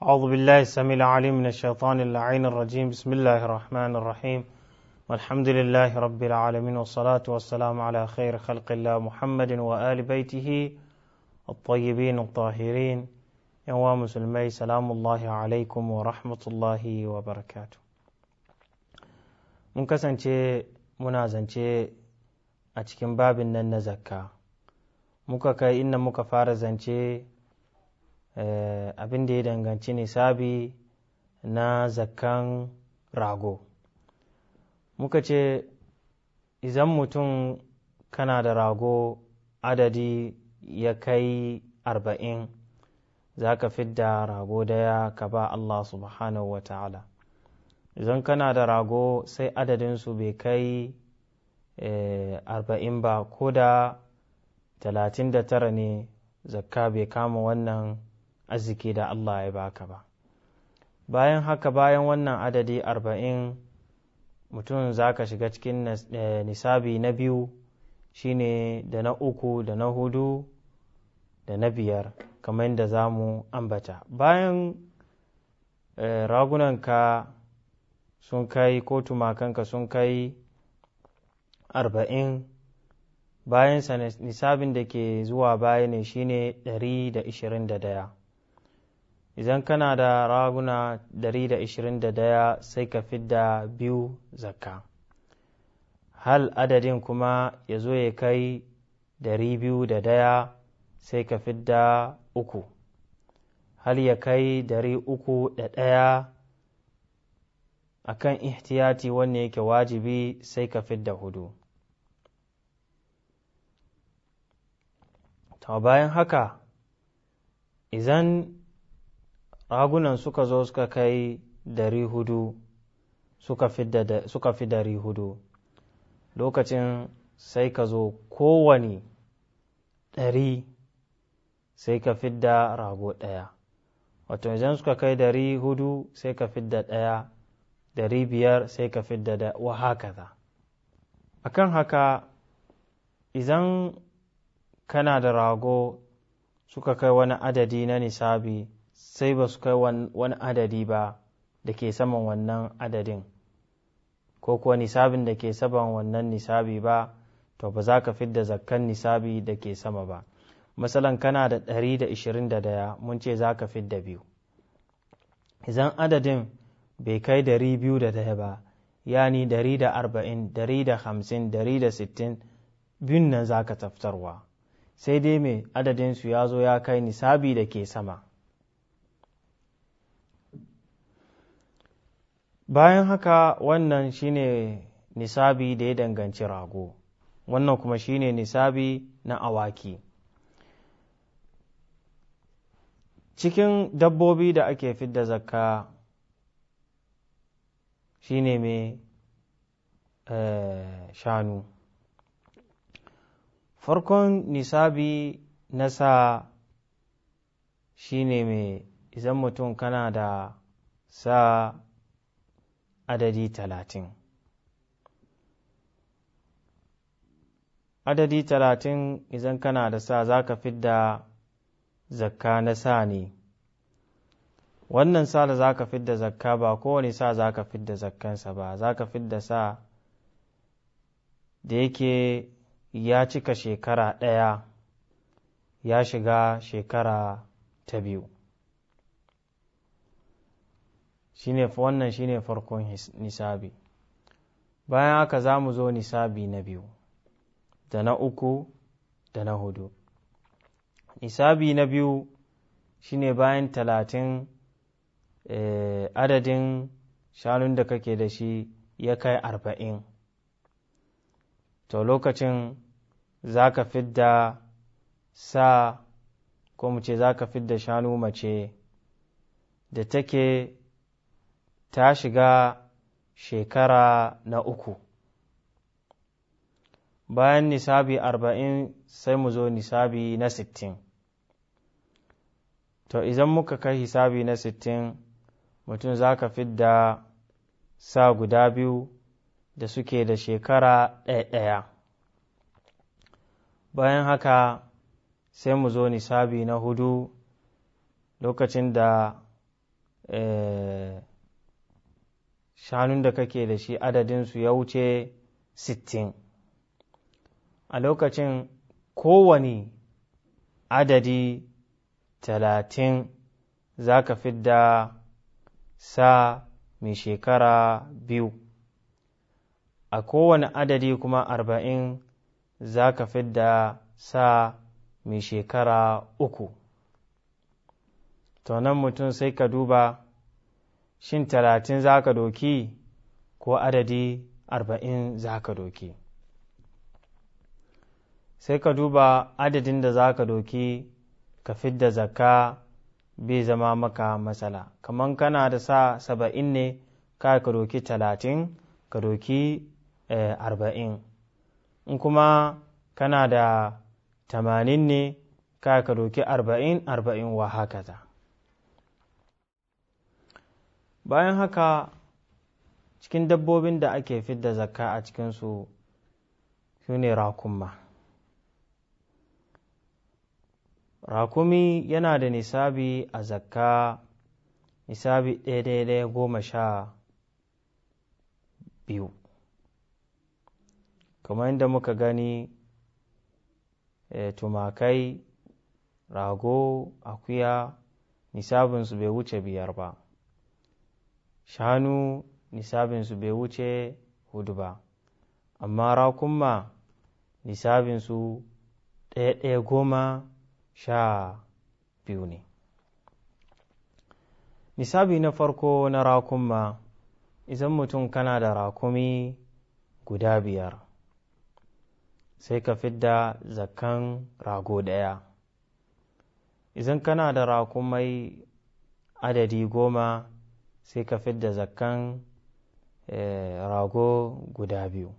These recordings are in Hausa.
أعوذ بالله السميع العليم من الشيطان اللعين الرجيم بسم الله الرحمن الرحيم والحمد لله رب العالمين والصلاة والسلام على خير خلق الله محمد وآل بيته الطيبين الطاهرين يا مسلمي سلام الله عليكم ورحمة الله وبركاته mun kasance منازن zance a باب babin مكا كا إن مكا فارزن Eh, abin da ya danganci nisabi na zakkan rago muka ce idan mutum kana da rago adadi ya kai arba'in za ka fidda rago daya ka ba Allah subhanahu wa ta'ala idan kana da rago sai adadinsu bai kai eh, arba'in ba ko da talatin da tara ne zakka bai kama wannan arziki da Allah ya baka ba bayan haka bayan wannan adadi arba'in mutum za ka shiga cikin eh, nisabi na biyu shine da na uku da na hudu da na biyar kamar yadda za mu ambata bayan eh, ragunanka sun kai ko tumakanka sun kai arba'in bayan nisabin da ke zuwa baya ne shine ɗari da ishirin da daya idan kana da raguna 121 sai ka fidda biyu zakka hal adadin kuma ya zo ya kai 201 sai ka fidda uku hal ya kai 301 a kan ihtiyati wanne yake wajibi sai ka da hudu to bayan haka izan ragunan suka zo suka kai dari hudu suka fi dari hudu lokacin sai ka zo kowane dari sai ka fidda rago ɗaya wato idan suka kai dari hudu sai ka fidda ɗaya dari biyar sai ka fidda da wa haka akan haka idan kana da rago suka kai wani adadi na nisabi sai ba su kai wani adadi ba da ke saman wannan adadin ko kuwa nisabin da ke saman wannan nisabi ba to ba za ka fidda zakkan nisabi da ke sama ba masalan kana da 121 mun ce za ka fidda biyu idan adadin bai kai biyu da 201 ba yani 140 150 160 biyun nan za ka taftarwa sai dai mai adadinsu ya zo ya kai nisabi da ke sama bayan haka wannan shine nisabi da ya danganci rago wannan kuma shine nisabi na awaki cikin dabbobi da ake fidda zakka shine mai eh, shanu farkon nisabi na sa shine mai idan mutum kana da sa adadi talatin adadi talatin idan kana da sa za ka fidda zakka na sa ne wannan sa da za ka fidda zakka ba kowane sa za ka fidda zakkansa ba za ka fidda sa da yake ya cika shekara ɗaya ya shiga shekara ta biyu shine wannan shine farkon nisabi bayan haka za mu zo nisabi na biyu da na uku da na hudu nisabi na biyu shine bayan talatin eh, adadin shanun da kake da shi ya kai arba'in to lokacin za ka fidda sa ko mu ce za ka fidda shanu mace da take ta shiga shekara na uku bayan nisabi arba'in sai mu zo nisabi na sittin to idan muka kai hisabi na sittin mutum za ka fidda sa guda biyu da suke da shekara ɗaya-ɗaya bayan haka sai mu zo nisabi na hudu lokacin da eh, shanun da kake da shi adadinsu ya wuce sittin a lokacin kowane adadi talatin za ka fidda sa mai shekara biyu a kowane adadi kuma arba'in za ka fidda sa mai shekara uku to nan mutum sai ka duba shin talatin za ka doki ko adadi arba'in za ka doki sai ka duba adadin da za ka doki ka fidda zakka bai zama maka matsala kamar kana da sa saba'in ne ka ka doki talatin ka doki eh, arba'in in kuma kana da tamanin ne ka ka doki arba'in arba'in wa haka bayan haka cikin dabbobin da ake fidda zakka a cikinsu su ne rakumma rakumi yana da nisabi a zakka nisabi ɗaya goma sha biyu kamar yadda muka gani eh, tumakai rago akuya nisabinsu bai wuce biyar ba shanu nisabinsu bai wuce hudu ba amma rakumma nisabinsu ɗaya ɗaya goma sha biyu ne nisabi na farko na rakumma, izan mutum kana da rakumi guda biyar sai ka fidda zakan rago ɗaya izan kana da rakumai adadi goma sai ka fidda zakkan eh, rago guda biyu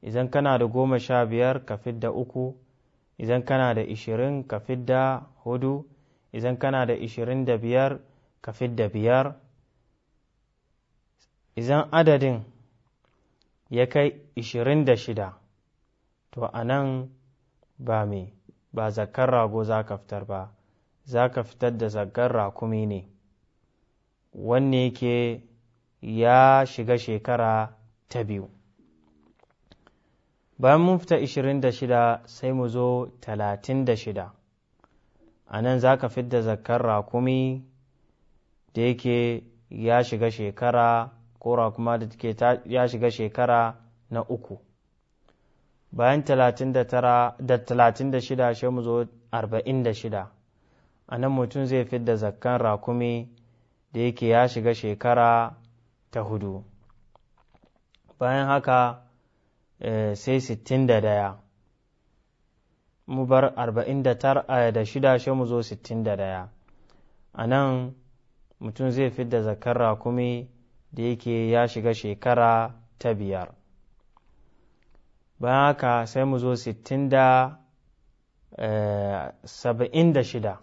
idan kana da goma sha biyar ka fidda uku idan kana da ishirin ka fidda hudu idan kana da ishirin da biyar ka fidda biyar idan adadin ya kai ishirin da shida to a nan ba me ba zakkan rago za ka fitar ba za ka fitar da zakkan rakumi ne wanne yake ya shiga shekara ta biyu bayan mun fita 26 sai mu zo 36 a nan za ka fidda zakar rakumi da yake ya shiga shekara ko rakuma da take ya shiga shekara na uku bayan 36 sai mu zo 46 a nan mutum zai fidda zakkan rakumi da yake ya shiga shekara ta hudu bayan haka eh, sai sittin da daya mu bar arba'in da shida shi mu zo sittin da daya a nan mutum zai fidda zakar rakumi da yake ya shiga shekara ta biyar bayan haka sai mu zo sittin da eh, saba'in da shida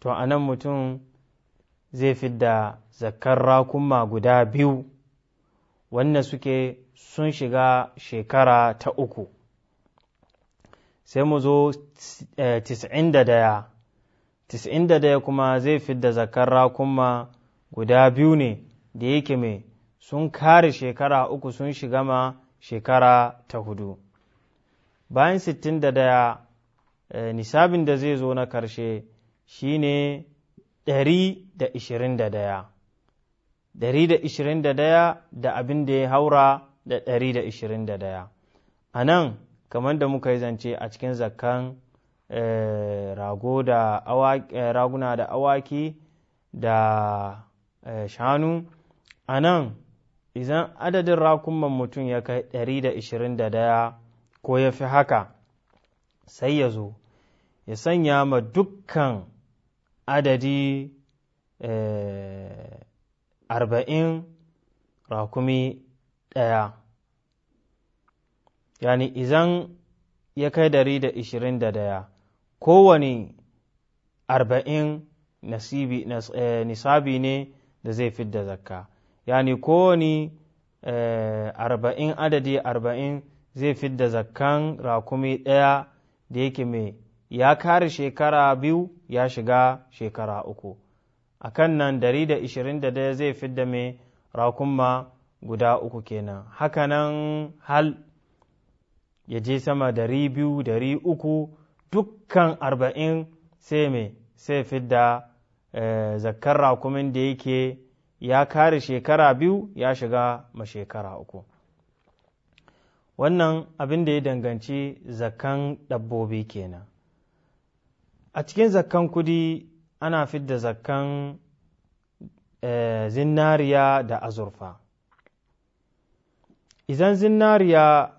to a nan mutum zai fidda zakar rakuma guda biyu wannan suke sun shiga shekara ta uku sai mu zo eh, tis'in da daya tis'in da daya kuma zai fidda zakar rakuma guda biyu ne da yake mai sun kare shekara uku sun shiga ma shekara ta hudu bayan sittin da daya eh, nisabin da zai zo na karshe shi ne da ishirin da da da da ishirin abin da ya haura da da da ishirin daya. a nan kamar da muka yi zance a cikin zakan eh, eh, raguna da awaki da eh, shanu a nan izan adadin rakuman mutum ya kai da da ishirin daya ko ya fi haka sai ya zo ya sanya ma dukkan adadi eh, arba'in rakumi ɗaya yani izan ya kai dari da ishirin da daya kowane arba'in eh, nisabi ne da zai da zakka yani kowane eh, arba'in adadi arba'in zai fidda zakkan rakumi ɗaya da yake mai ya kare shekara biyu ya shiga shekara uku a kan nan dari da ishirin da daya zai fidda mai rakunma guda uku kenan hakanan hal ya je sama dari biyu dari uku dukkan arba'in sai mai sai fidda eh, zakkar rakumin da yake ya kare shekara biyu ya shiga ma shekara uku wannan abin da ya danganci zakan dabbobi kenan a cikin zakkan kudi ana fidda zakkan eh, zinariya da azurfa idan zinariya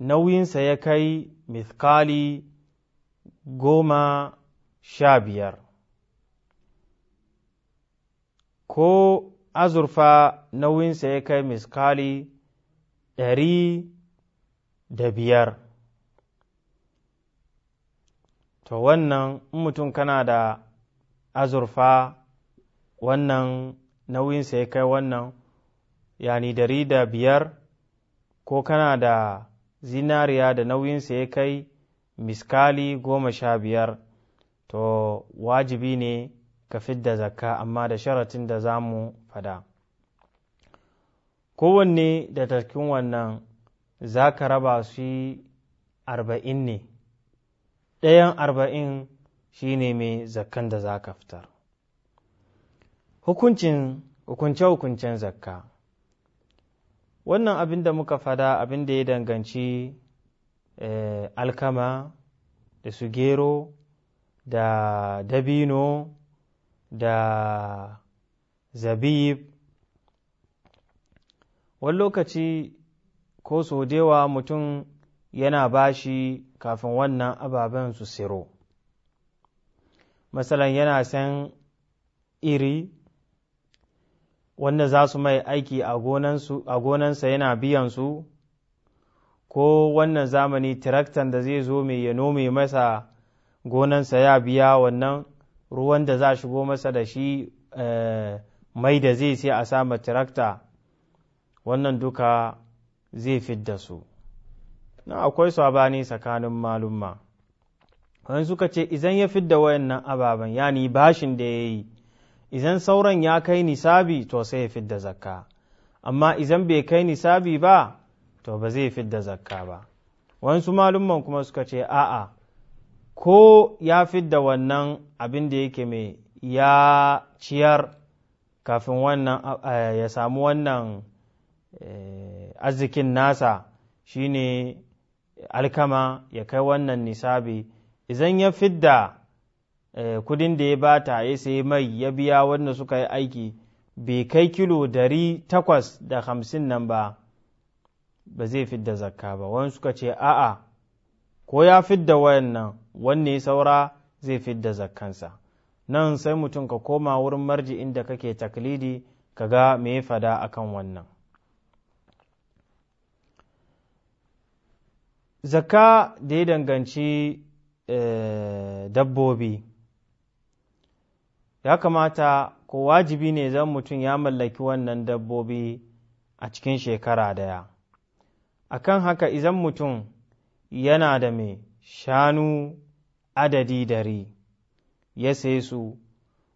nauyinsa ya kai mithkali goma sha biyar ko azurfa nauyinsa ya kai miskali ɗari da biyar to wannan in mutum kana da azurfa wannan nauyinsa ya kai wannan yani dari da biyar ko kana da zinariya da nauyinsa ya kai miskali goma sha biyar to wajibi ne ka fidda zakka amma da sharatin da za mu fada kowanne da tarkin wannan za ka raba su arba'in ne ɗayan arba'in shi ne mai zakkan da za ka fitar hukuncin hukunce-hukuncen zakka wannan abin da muka fada abin da ya danganci eh, alkama da su gero da dabino da zabib wani lokaci ko so mutum yana ba shi kafin wannan ababen su siro masalan yana san iri wanda za su mai aiki a gonansa yana biyan su ko wannan zamani tiraktan da zai zo mai ya nome masa gonansa ya biya wannan ruwan da za shigo masa da shi eh, mai da zai sai a sama tirakta wannan duka zai fidda su na akwai sabani tsakanin malumma wani suka ce izan ya fidda wayannan ababen yani bashin da ya yi izan sauran ya kai nisabi to sai ya fidda zakka amma izan bai kai nisabi ba to ba zai fidda zakka ba wasu malumman kuma suka ce a'a ko ya fidda wannan abin da yake mai ya ciyar kafin wannan ya samu wannan eh, arzikin nasa shine alkama ya kai wannan nisabi idan ya fidda eh, kudin da ya bata ya sayi mai ya biya wanda suka yi aiki bai kai kilo dari takwas da hamsin nan ba ba zai fidda zakka ba wani suka ce a'a ko ya fidda wayannan wanne saura zai fidda zakkansa nan sai mutum ka koma wurin marji inda kake taklidi ka ga me ya fada akan wannan Zaka da ya danganci eh, dabbobi ya kamata ko wajibi ne zan mutum ya mallaki wannan dabbobi a cikin shekara daya akan haka izan mutum yana da mai shanu adadi dari ya sai su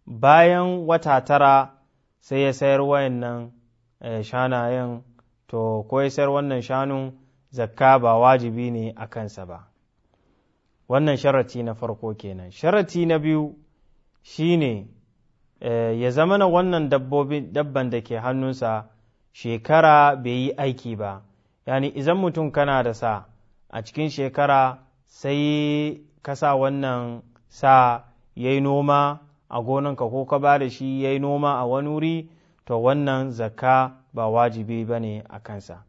bayan wata tara sai ya sayar wayannan eh, shanayen to ko ya sayar wannan shanun zakka ba wajibi ne a kansa ba wannan sharati na farko kenan sharati na biyu shine eh, ya zama na wannan dabban da ke hannunsa shekara bai yi aiki ba yani idan mutum kana da sa a cikin shekara sai ka sa wannan sa ya yi noma a gonanka ko ka ba da shi ya yi noma a wani wuri to wannan zakka ba wajibi ba ne a kansa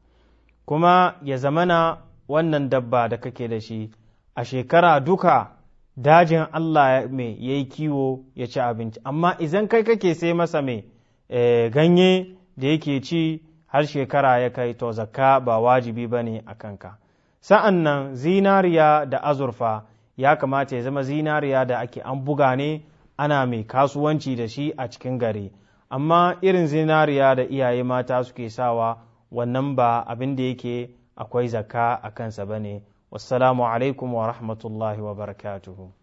kuma ya zamana wannan dabba da kake da shi a shekara duka dajin Allah mai ya yi kiwo ya ci abinci amma izan kai kake sai masa mai e eh, ganye da yake ci har shekara ya kai to zakka ba wajibi ba ne a kanka sa'an nan zinariya da azurfa ya kamata ya zama zinariya da ake an buga ne ana mai kasuwanci da shi a cikin gari amma irin zinariya da iyaye mata suke sawa wannan ba abin da yake akwai zaka a kansa ba ne wassalamu alaikum wa rahmatullahi wa barakatuhu